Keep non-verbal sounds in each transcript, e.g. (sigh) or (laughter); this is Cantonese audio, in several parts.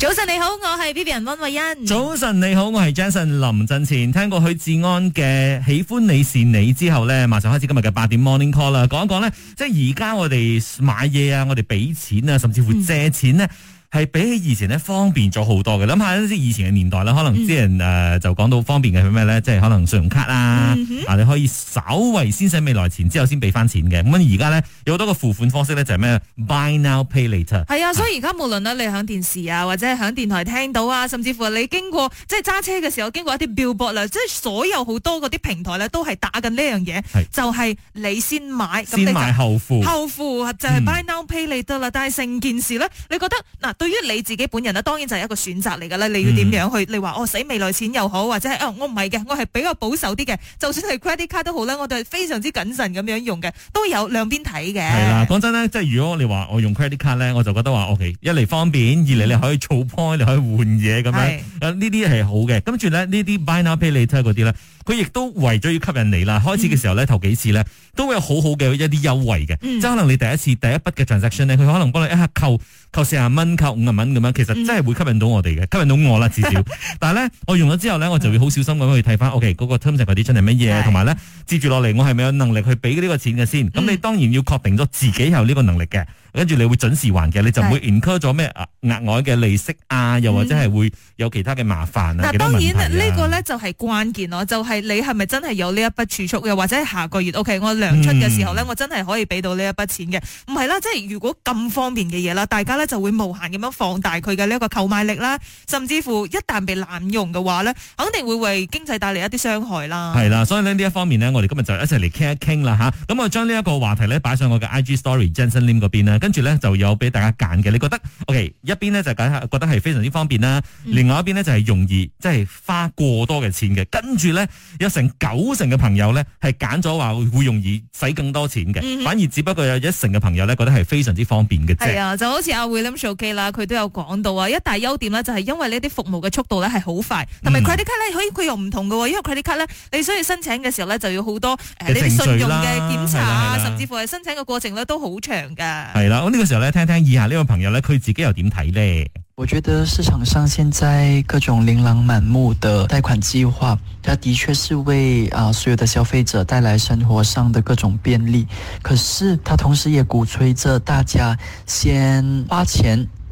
早晨你好，我係 Vivian 溫慧欣。早晨你好，我係 Jason 林振前。聽過許志安嘅《喜歡你是你》之後咧，馬上開始今日嘅八點 Morning Call 啦。講一講咧，即係而家我哋買嘢啊，我哋俾錢啊，甚至乎借錢呢。嗯係比起以前咧，方便咗好多嘅，諗下啲以前嘅年代啦，可能啲人誒就講到方便嘅係咩咧？即係可能信用卡啊，啊、嗯、哼你可以稍微先使未來錢，之後先俾翻錢嘅。咁而家咧，有好多個付款方式咧，就係咩？Buy now, pay later。係啊，所以而家無論你響電視啊，或者響電台聽到啊，甚至乎你經過即係揸車嘅時候，經過一啲 billboard 啦，即係所有好多嗰啲平台咧都係打緊呢樣嘢，是就係你先買，先買後付，後付就係、是、buy now, pay later 啦。嗯、但係成件事咧，你覺得嗱？啊對於你自己本人呢，當然就係一個選擇嚟噶啦，你要點樣去？嗯、你話哦，使未來錢又好，或者係哦、啊，我唔係嘅，我係比較保守啲嘅，就算係 credit card 都好啦，我哋係非常之謹慎咁樣用嘅，都有兩邊睇嘅。係啦，講真咧，即係如果你話我用 credit card 咧，我就覺得話 o k 一嚟方便，二嚟你可以做 p 你可以換嘢咁樣。呢啲係好嘅。跟住呢，呢啲 binary a d e r 嗰啲咧，佢亦都為咗要吸引你啦。開始嘅時候呢，嗯、頭幾次呢，都會有好好嘅一啲優惠嘅。嗯、即可能你第一次第一筆嘅 transaction，佢可能幫你一下扣扣成廿蚊，五銀蚊咁樣，其實真係會吸引到我哋嘅，嗯、吸引到我啦至少。 (laughs) 但係咧，我用咗之後咧，我就會好小心咁去睇翻，嗯、，OK，嗰個 terms 嗰啲真係乜嘢？同埋咧接住落嚟，我係咪有能力去俾呢個錢嘅先？咁、嗯、你當然要確定咗自己有呢個能力嘅，跟住你會準時還嘅，你就唔會 incur 咗咩額外嘅利息啊，是又或者係會有其他嘅麻煩啊。但當然呢、啊、個咧就係關鍵咯，就係、是、你係咪真係有呢一筆儲蓄，又或者下個月 OK 我量出嘅時候咧，嗯、我真係可以俾到呢一筆錢嘅？唔係啦，即係如果咁方便嘅嘢啦，大家咧就會無限嘅。咁放大佢嘅呢一個購買力啦，甚至乎一旦被濫用嘅話咧，肯定會為經濟帶嚟一啲傷害啦。係啦，所以呢，呢一方面呢，我哋今日就一齊嚟傾一傾啦吓。咁啊，將呢一個話題咧擺上我嘅 I G Story Jansen Lim 嗰邊啦，跟住咧就有俾大家揀嘅。你覺得 OK？一邊咧就覺得係非常之方便啦，另外一邊咧就係容易即係、就是、花過多嘅錢嘅。跟住咧有成九成嘅朋友咧係揀咗話會容易使更多錢嘅，嗯、哼反而只不過有一成嘅朋友咧覺得係非常之方便嘅。係啊，就好似阿 William 啦。佢都有講到啊，一大優點呢就係因為呢啲服務嘅速度呢係好快，同埋 credit card 呢可以佢又唔同嘅，因為 credit card 呢、呃，你所以申請嘅時候呢，就要好多誒，你啲信用嘅檢查，甚至乎係申請嘅過程呢都好長噶。係啦，咁、這、呢個時候呢，聽聽以下呢位朋友呢，佢自己又點睇呢？我覺得市場上現在各種琳琅滿目的貸款計劃，它的確是為啊、呃、所有的消費者帶來生活上的各種便利，可是它同時也鼓吹着大家先花錢。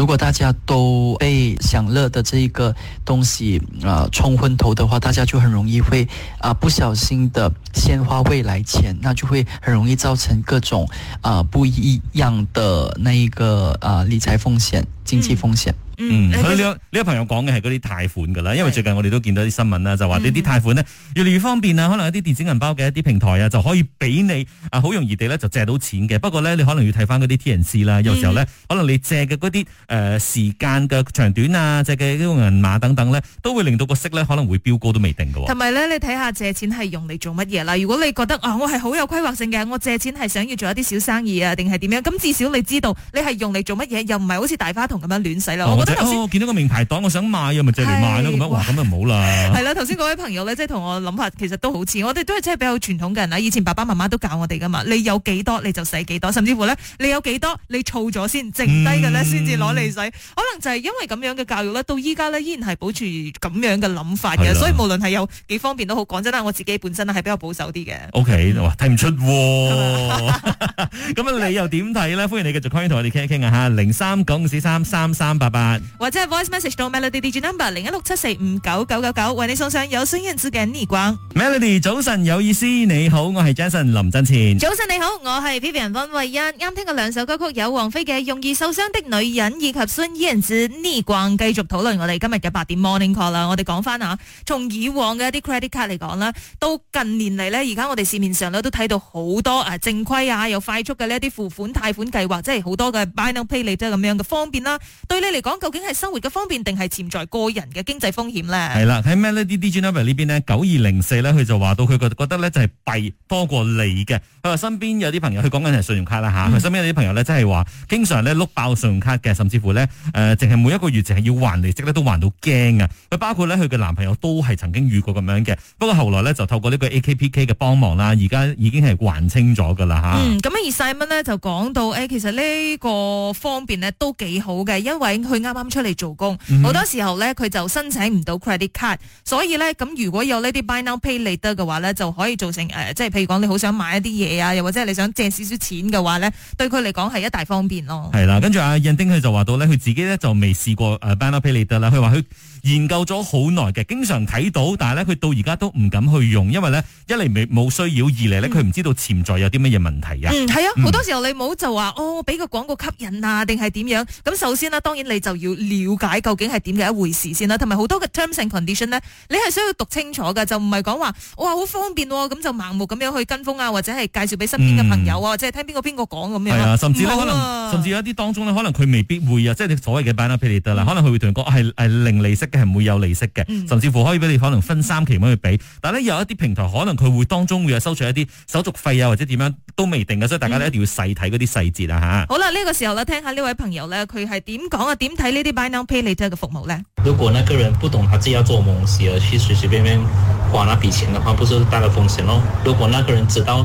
如果大家都被享樂的這一個東西啊、呃、沖昏頭的話，大家就很容易會啊、呃、不小心地先花未來錢，那就會很容易造成各種啊、呃、不一樣的那一個啊、呃、理財風險、經濟風險。嗯，所以呢呢個朋友講嘅係嗰啲貸款噶啦，因為最近我哋都見到啲新聞啦、啊，就話呢啲貸款呢越嚟越方便啊，可能一啲電子銀包嘅一啲平台啊就可以俾你啊好容易地咧就借到錢嘅，不過呢，你可能要睇翻嗰啲 T N C 啦，有時候呢，嗯、可能你借嘅嗰啲。誒、呃、時間嘅長短啊，借嘅呢個銀碼等等咧，都會令到個息咧可能會飆高都未定嘅喎、啊。同埋咧，你睇下借錢係用嚟做乜嘢啦？如果你覺得啊，我係好有規劃性嘅，我借錢係想要做一啲小生意啊，定係點樣？咁至少你知道你係用嚟做乜嘢，又唔係好似大花筒咁樣亂使咯。哦、我覺得頭先、哦、我見到個名牌袋，我想買啊，咪借嚟買咯、啊、咁是樣。哇，咁 (laughs) 啊唔好啦。係啦，頭先嗰位朋友咧，即係同我諗法其實都好似，我哋都係真係比較傳統嘅人啊。以前爸爸媽媽都教我哋噶嘛，你有幾多你就使幾多，甚至乎咧你有幾多你儲咗先，剩低嘅咧先至攞嚟。其實可能就係因為咁樣嘅教育咧，到依家咧依然係保持咁樣嘅諗法嘅，的所以無論係有幾方便都好。講真啦，我自己本身咧係比較保守啲嘅。O K，睇唔出，咁 (laughs) (laughs) 你又點睇咧？歡迎你繼續可以同我哋傾一傾啊！吓，零三九五四三三三八八，或者係 Voice Message 到 Melody d g Number 零一六七四五九九九九，為99，你送上有聲人字嘅逆光。Melody 早晨有意思，你好，我係 Jason 林振前。早晨你好，我係 Vivian 溫慧欣，啱聽過兩首歌曲有王菲嘅《容易受傷的女人》。以及孫燕子，呢逛繼續討論我哋今日嘅八點 morning call 啦。我哋講翻吓，從以往嘅一啲 credit card 嚟講啦，到近年嚟呢，而家我哋市面上都睇到好多啊正規啊又快速嘅呢一啲付款貸款計劃，即係好多嘅 buy now pay later，即係咁樣嘅方便啦。對你嚟講，究竟係生活嘅方便，定係潛在個人嘅經濟風險呢？係啦，喺咩咧？D D G Naver 呢邊呢？九二零四呢，佢就話到佢覺得呢就係弊多過利嘅。佢話身邊有啲朋友，佢講緊係信用卡啦吓，佢身邊有啲朋友呢，即係話經常碌爆信用卡嘅，似乎咧，淨係每一個月淨係要還利息咧，都還到驚啊！佢包括咧，佢嘅男朋友都係曾經遇過咁樣嘅。不過後來咧，就透過呢個 AKPK 嘅幫忙啦、嗯，而家已經係還清咗噶啦吓，咁而 Simon 咧就講到，哎、其實呢個方便咧都幾好嘅，因為佢啱啱出嚟做工，好、嗯、哼多時候咧佢就申請唔到 credit card，所以咧咁如果有呢啲 buy now pay later 嘅話咧，就可以造成即係、呃、譬如講你好想買一啲嘢啊，又或者你想借少少錢嘅話咧，對佢嚟講係一大方便咯。係啦，跟住阿丁佢就話。話到咧，佢自己咧就未試過誒 banana peel 得啦。佢話佢。研究咗好耐嘅，經常睇到，但係咧佢到而家都唔敢去用，因為咧一嚟冇需要，二嚟咧佢唔知道潛在有啲乜嘢問題啊。嗯，係啊，好多時候你冇就話哦，俾個廣告吸引啊，定係點樣？咁首先啦，當然你就要了解究竟係點嘅一回事先啦，同埋好多嘅 terms and condition 咧，你係需要讀清楚嘅，就唔係講話哇好方便咁就盲目咁樣去跟風啊，或者係介紹俾身邊嘅朋友啊，即係聽邊個邊個講咁樣啊。甚至咧可能，甚至有一啲當中咧，可能佢未必會啊，即係所謂嘅 benefit 啦，可能佢會講係係零利息。嘅係唔會有利息嘅，嗯、甚至乎可以俾你可能分三期咁去俾，嗯、但係咧有一啲平台可能佢會當中會有收取一啲手續費啊，或者點樣都未定嘅，所以大家一定要細睇嗰啲細節啦吓。好啦、嗯，呢、嗯、個時候咧聽一下呢位朋友咧佢係點講啊？點睇呢啲 buy now pay later 嘅服務咧？如果那個人不懂下只要做某事而去隨隨便便花那筆錢嘅話，不是帶來風險咯？如果那個人知道。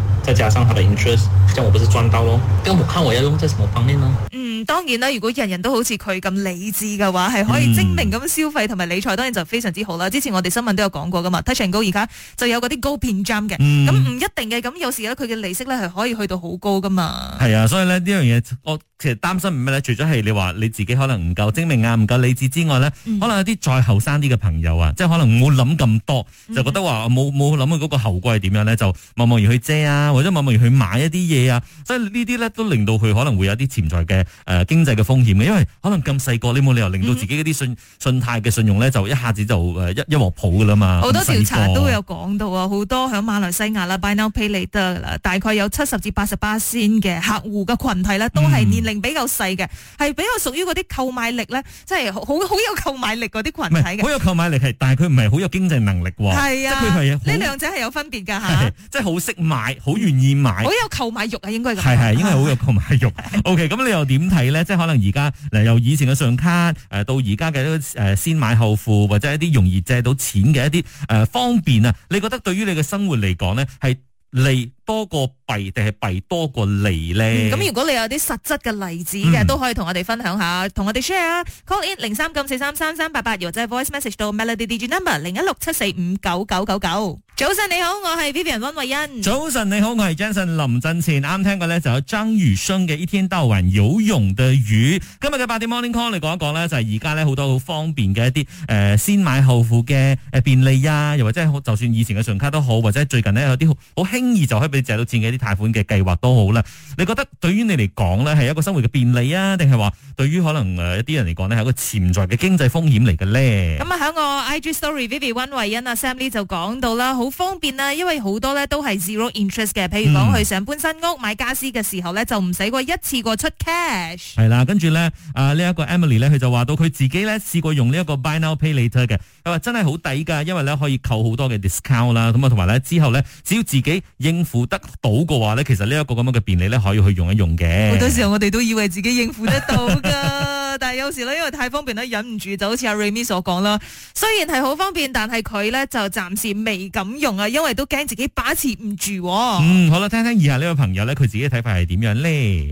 再加上它的 interest，即係我不是賺到咯。我看我要用在什麼方面呢？嗯，當然啦，如果人人都好似佢咁理智嘅話，係可以精明咁消費同埋理財，嗯、當然就非常之好啦。之前我哋新聞都有講過噶嘛，Touch and go 而家就有嗰啲高片金嘅，咁唔、嗯、一定嘅。咁有時咧，佢嘅利息呢係可以去到好高噶嘛。係啊，所以呢，呢樣嘢，我其實擔心唔咩呢，除咗係你話你自己可能唔夠精明啊，唔夠理智之外呢，嗯、可能有啲再後生啲嘅朋友啊，即係可能冇諗咁多，嗯、就覺得話冇冇諗嗰個後果係點樣呢，就望望而去借啊。或者問問去買一啲嘢啊，所以呢啲咧都令到佢可能會有啲潛在嘅誒經濟嘅風險嘅，因為可能咁細個，你冇理由令到自己嗰啲信信貸嘅信用咧，就一下子就誒一一鑊泡噶啦嘛。好多調查都會有講到啊，好多響馬來西亞啦，Buy Now Pay Later 啦，大概有七十至八十巴仙嘅客戶嘅羣體咧，都係年齡比較細嘅，係比較屬於嗰啲購買力咧，即係好好有購買力嗰啲羣體嘅。好有購買力係，但係佢唔係好有經濟能力喎。係啊，即係佢係呢兩者係有分別㗎嚇。係，即係好識買，好。願意買，好有購買欲啊！應該係，係係，應該好有購買欲。OK，咁你又點睇咧？即係可能而家，嗱由以前嘅信用卡誒、呃，到而家嘅誒先買後付或者一啲容易借到錢嘅一啲誒、呃、方便啊？你覺得對於你嘅生活嚟講咧，係利？多過弊定係弊多過利咧？咁、嗯、如果你有啲實質嘅例子嘅，都、嗯、可以同我哋分享下，同我哋 share 啊！Call in 零三九四三三三八八，又或者 voice message 到 melody digit number 零一六七四五九九九九。早晨你好，我係 Vivian 温慧欣。早晨你好，我係 Jason 林振前。前啱聽過咧，就有張如勳嘅《一天斗云有容嘅雨》。今日嘅八點 morning call，你講一講咧，就係而家咧好多好方便嘅一啲誒、呃，先買後付嘅誒便利啊，又或者就算以前嘅信用卡都好，或者最近呢有啲好輕易就可以。你借到自己啲貸款嘅計劃都好啦，你覺得對於你嚟講呢，係一個生活嘅便利啊，定係話對於可能誒一啲人嚟講呢，係一個潛在嘅經濟風險嚟嘅呢？咁啊，喺我 IG Story Vivian 韋恩啊 Sammy 就講到啦，好方便啦、啊，因為好多呢都係 zero interest 嘅，譬如講去上搬新屋買家私嘅時候呢，就唔使過一次過出 cash。係啦，跟住呢，啊呢一、這個 Emily 呢，佢就話到佢自己呢試過用呢一個 buy now pay later 嘅，佢話真係好抵㗎，因為咧可以扣好多嘅 discount 啦，咁啊同埋咧之後呢，只要自己應付。得到嘅話咧，其實呢一個咁樣嘅便利咧，可以去用一用嘅。好多時候我哋都以為自己應付得到噶， (laughs) 但係有時咧，因為太方便咧，忍唔住就好似阿 Raymi 所講啦。雖然係好方便，但係佢咧就暫時未敢用啊，因為都驚自己把持唔住。嗯，好啦，聽聽以下呢個朋友咧，佢自己嘅睇法係點樣咧？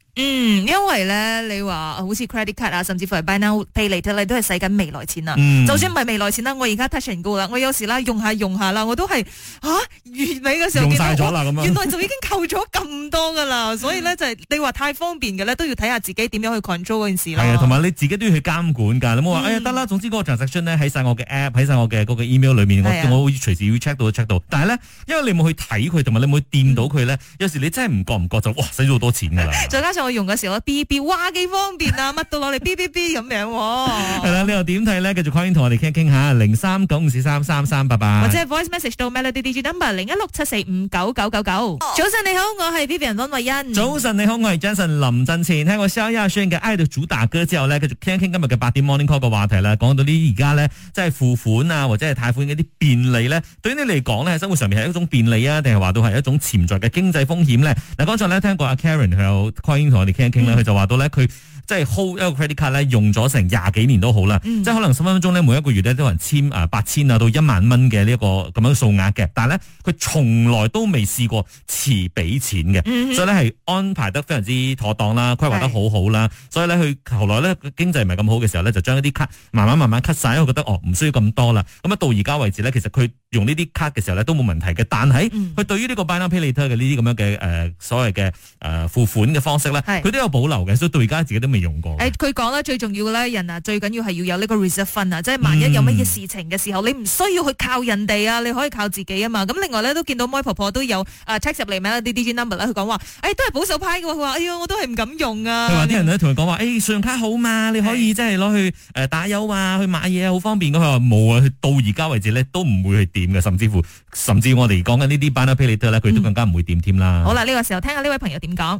嗯，因為咧，你話好似 credit card 啊，甚至乎係 buy now pay later，你都係使緊未來錢啦。嗯，就算唔係未來錢啦，我而家 touch 成個啦，我有時啦用下用下啦，我都係吓月尾嘅時候我用晒咗啦，咁、哦、原來就已經扣咗咁多噶啦。嗯、所以咧就係、是、你話太方便嘅咧，都要睇下自己點樣去 control 嗰件事啦。啊，同埋你自己都要去監管噶。你冇話、嗯、哎呀得啦，總之嗰個 transaction 咧喺晒我嘅 app，喺晒我嘅嗰個 email 裏面，啊、我我隨時會 check 到都 check 到。但係咧，嗯、因為你冇去睇佢，同埋你冇去掂到佢咧，嗯、有時你真係唔覺唔覺就哇使咗好多錢噶啦、嗯。再加上。用嘅時候啊，嗶嗶哇幾方便啊，乜都攞嚟嗶嗶嗶咁樣。係啦，你又點睇咧？繼續 call in 同我哋傾一傾下，零三九五四三三三，八八。或者 voice message 到 Melody DJ number 零一六七四五九九九九。早晨你好，我係 Vivian 溫慧欣。早晨你好，我係 Jason 林振前。喺我 share 一下 share 嘅 I 到主打歌之後咧，繼續傾一傾今日嘅八點 morning call 嘅話題啦。講到啲而家咧，即係付款啊，或者係貸款嗰啲便利咧，對於你嚟講咧，生活上面係一種便利啊，定係話到係一種潛在嘅經濟風險咧？嗱，剛才咧聽過阿 Karen 有 call in。同我哋傾一傾咧，佢、嗯、就話到咧，佢即係 hold 一個 credit card 咧，用咗成廿幾年都好啦，嗯、即係可能十分分鐘咧，每一個月咧都有人簽啊八千啊到一萬蚊嘅呢一個咁樣數額嘅，但係咧佢從來都未試過遲俾錢嘅，嗯、哼所以咧係安排得非常之妥當啦，規劃得好好啦，是所以咧佢後來咧經濟唔係咁好嘅時候咧，就將一啲 card 慢慢慢慢 cut 晒，因為覺得哦唔需要咁多啦，咁啊到而家為止咧，其實佢用呢啲 card 嘅時候咧都冇問題嘅，但係佢對於呢個 buy now pay later 嘅呢啲咁樣嘅誒所謂嘅誒付款嘅方式咧。係，佢是都有保留嘅，所以到而家自己都未用過。誒、哎，佢講咧最重要嘅，咧，人啊最緊要係要有呢個 reserve fund 啊，即係萬一有乜嘢事情嘅時候，嗯、你唔需要去靠人哋啊，你可以靠自己啊嘛。咁另外咧都見到麥婆婆都有誒 check 入嚟咩啲 d i g number 啦，佢講話誒都係保守派嘅，佢話哎呀我都係唔敢用啊。佢話啲人同佢講話誒信用卡好嘛，是你可以即係攞去誒打油啊，去買嘢好方便。佢話冇啊，到而家為止咧都唔會去點嘅，甚至乎甚至我哋講緊呢啲 banana pay later 咧，佢都更加唔會點添啦。好啦，呢、這個時候聽下呢位朋友點講。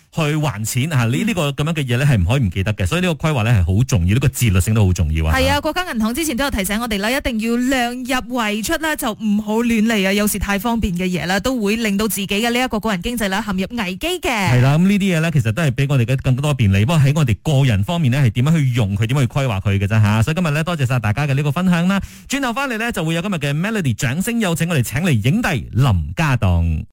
去還錢吓，呢呢個咁樣嘅嘢咧係唔可以唔記得嘅，所以呢個規劃咧係好重要，呢個自律性都好重要啊。係啊，國家銀行之前都有提醒我哋啦，一定要量入為出啦，就唔好亂嚟啊。有時太方便嘅嘢啦，都會令到自己嘅呢一個個人經濟啦陷入危機嘅。係啦，咁呢啲嘢咧，其實都係俾我哋嘅更多便利，不過喺我哋個人方面咧，係點樣去用佢，點樣去規劃佢嘅啫吓。嗯、所以今日咧，多謝晒大家嘅呢個分享啦。轉頭翻嚟咧，就會有今日嘅 Melody 掌聲有請我哋請嚟影帝林家棟。